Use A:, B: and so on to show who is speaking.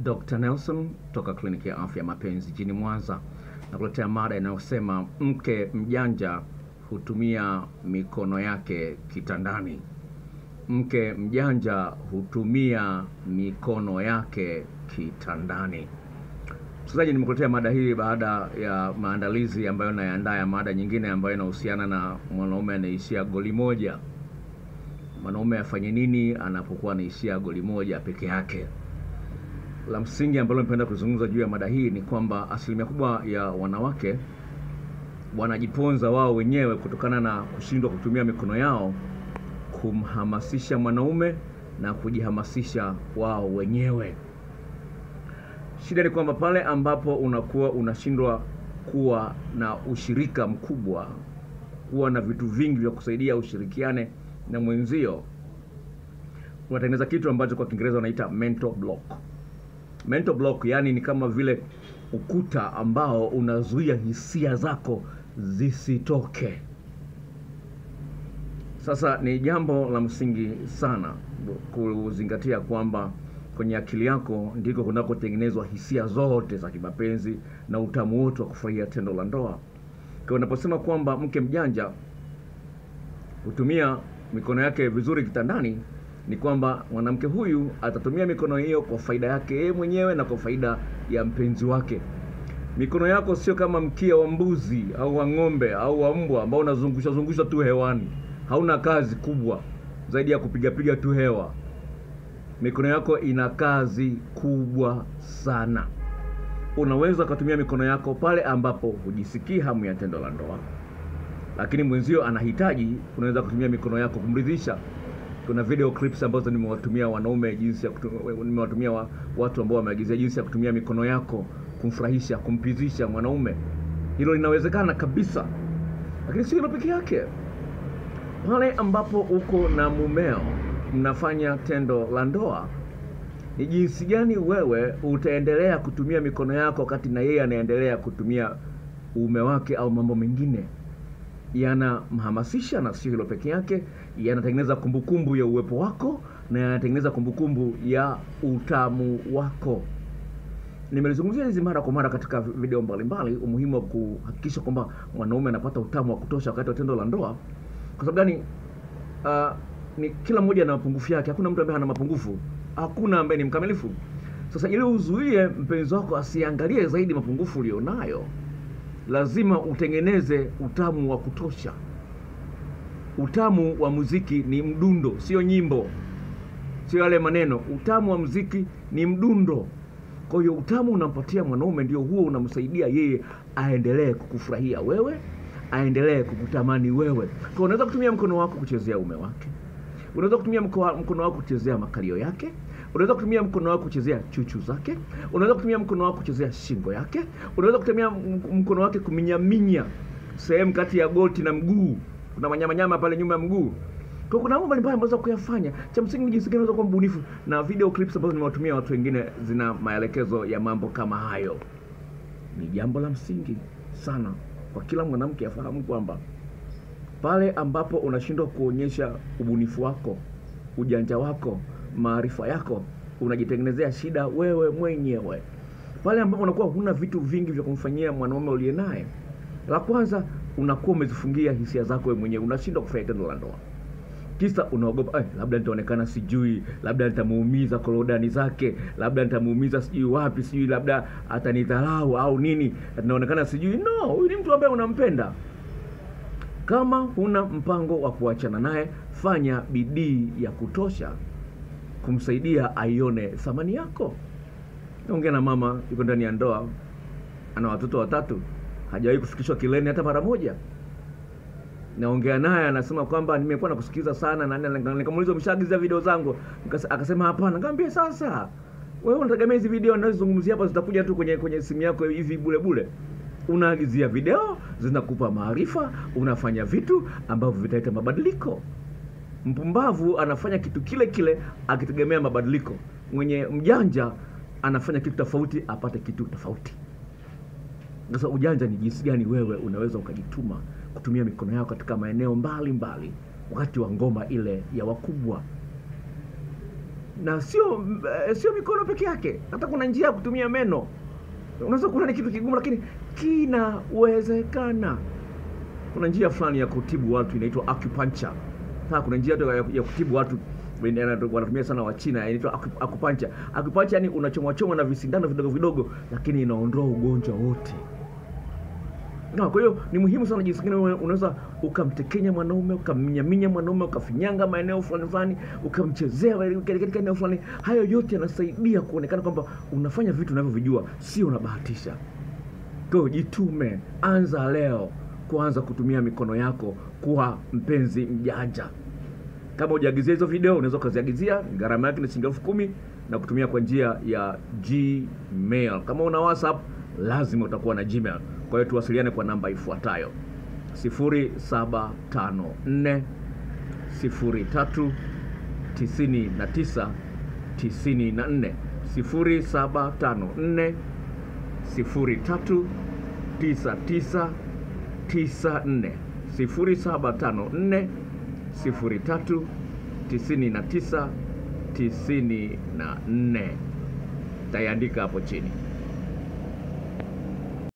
A: Dr. Nelson toka kliniki ya afya mapenzi jijini Mwanza na kuletea mada inayosema mke mjanja hutumia mikono yake kitandani. Mke mjanja hutumia mikono yake kitandani. Msikilizaji, nimekuletea mada hii baada ya maandalizi ambayo nayaandaa ya mada nyingine ambayo inahusiana na mwanaume anaishia goli moja. Mwanaume afanye nini anapokuwa anaishia goli moja peke yake? la msingi ambalo nimependa kuzungumza juu ya mada hii ni kwamba asilimia kubwa ya wanawake wanajiponza wao wenyewe kutokana na kushindwa kutumia mikono yao kumhamasisha mwanaume na kujihamasisha wao wenyewe. Shida ni kwamba pale ambapo unakuwa unashindwa kuwa na ushirika mkubwa, kuwa na vitu vingi vya kusaidia ushirikiane na mwenzio, unatengeneza kitu ambacho kwa Kiingereza wanaita mental block mental block yani ni kama vile ukuta ambao unazuia hisia zako zisitoke. Sasa ni jambo la msingi sana kuzingatia kwamba kwenye akili yako ndiko kunakotengenezwa hisia zote za kimapenzi na utamu wote wa kufurahia tendo la ndoa. Kwa unaposema kwamba mke mjanja hutumia mikono yake vizuri kitandani, ni kwamba mwanamke huyu atatumia mikono hiyo kwa faida yake yeye mwenyewe na kwa faida ya mpenzi wake. Mikono yako sio kama mkia wa mbuzi au wa ng'ombe au wa mbwa ambao unazungusha zungusha tu hewani, hauna kazi kubwa zaidi ya kupigapiga tu hewa. Mikono yako ina kazi kubwa sana. Unaweza ukatumia mikono yako pale ambapo hujisikii hamu ya tendo la ndoa, lakini mwenzio anahitaji, unaweza kutumia mikono yako kumridhisha. Kuna video clips ambazo nimewatumia wanaume jinsi ya kutumia, nimewatumia wa, watu ambao wameagizia jinsi ya kutumia mikono yako kumfurahisha, kumpizisha mwanaume. Hilo linawezekana kabisa, lakini sio hilo peke yake. Pale ambapo uko na mumeo mnafanya tendo la ndoa, ni jinsi gani wewe utaendelea kutumia mikono yako wakati na yeye anaendelea kutumia uume wake au mambo mengine yanamhamasisha, na sio hilo peke yake, yanatengeneza kumbukumbu ya uwepo wako na yanatengeneza kumbukumbu ya utamu wako. Nimelizungumzia hizi mara kwa mara katika video mbalimbali, umuhimu wa kuhakikisha kwamba mwanaume anapata utamu wa kutosha wakati wa tendo la ndoa. Kwa sababu gani? Uh, ni kila mmoja ana mapungufu yake, hakuna mtu ambaye ana mapungufu, hakuna ambaye ni mkamilifu. Sasa ili uzuie mpenzi wako asiangalie zaidi mapungufu ulionayo lazima utengeneze utamu wa kutosha. Utamu wa muziki ni mdundo, sio nyimbo, sio yale maneno. Utamu wa muziki ni mdundo. Kwa hiyo utamu unampatia mwanaume, ndio huo unamsaidia yeye aendelee kukufurahia wewe, aendelee kukutamani wewe. Kwa unaweza kutumia mkono wako kuchezea ume wake, unaweza kutumia mkono wako kuchezea makalio yake, Unaweza kutumia mkono wako kuchezea chuchu zake, unaweza kutumia mkono wako kuchezea shingo yake, unaweza kutumia mkono wake kuminyaminya sehemu kati ya goti na mguu, kuna manyamanyama pale nyuma ya mguu. Kwa kuna mambo mbalimbali ambayo unaweza kuyafanya. Cha msingi ni jinsi gani unaweza kuwa mbunifu, na video clips ambazo nimewatumia watu wengine zina maelekezo ya mambo kama hayo. Ni jambo la msingi sana kwa kila mwanamke afahamu kwamba pale ambapo unashindwa kuonyesha ubunifu wako, ujanja wako, maarifa yako unajitengenezea shida wewe mwenyewe pale ambapo unakuwa huna vitu vingi vya kumfanyia mwanaume uliye naye la kwanza unakuwa umezifungia hisia zako wewe mwenyewe unashindwa kufanya tendo la ndoa kisa unaogopa eh, labda nitaonekana sijui labda nitamuumiza korodani zake labda nitamuumiza sijui wapi sijui labda atanidharau au nini naonekana sijui no huyu ni mtu ambaye unampenda kama huna mpango wa kuachana naye fanya bidii ya kutosha kumsaidia aione thamani yako. Naongea na mama yuko ndani ya ndoa, ana watoto watatu, hajawahi kufikishwa kileni hata mara moja. Naongea naye anasema kwamba nimekuwa nakusikiliza sana, na nikamuuliza umeshaagiza video zangu, akasema hapana. Nikamwambia sasa, wewe unategemea hizi video ninazozungumzia hapa zitakuja tu kwenye kwenye simu yako hivi bure bure? Unaagizia video zinakupa maarifa, unafanya vitu ambavyo vitaleta mabadiliko. Mpumbavu anafanya kitu kile kile akitegemea mabadiliko. Mwenye mjanja anafanya kitu tofauti apate kitu tofauti. Sasa ujanja ni jinsi gani wewe unaweza ukajituma kutumia mikono yako katika maeneo mbalimbali mbali, wakati wa ngoma ile ya wakubwa na sio eh, sio mikono peke yake, hata kuna njia ya kutumia meno. Unaweza kuona ni kitu kigumu, lakini kinawezekana. Kuna njia fulani ya kutibu watu inaitwa acupuncture inafaa. Kuna njia ya, ya kutibu watu wanatumia sana Wachina, inaitwa akupancha. Akupancha yani unachomwa choma na visindano vidogo vidogo, lakini inaondoa ugonjwa wote. kwa hiyo ni muhimu sana jinsi gani unaweza ukamtekenya mwanaume, ukamnyaminya mwanaume, ukafinyanga maeneo fulani fulani, ukamchezea katika eneo fulani. Hayo yote yanasaidia kuonekana kwamba unafanya vitu unavyovijua, sio unabahatisha. Kwa hiyo jitume, anza leo kuanza kutumia mikono yako kuwa mpenzi mjanja kama hujaagizia hizo video unaweza ukaziagizia, gharama yake ni shilingi elfu kumi na kutumia kwa njia ya Gmail. Kama una WhatsApp lazima utakuwa na Gmail. Kwa hiyo tuwasiliane kwa namba ifuatayo 0754 03 99 94 0754 03 0754 tisini na nne Tayandika hapo chini.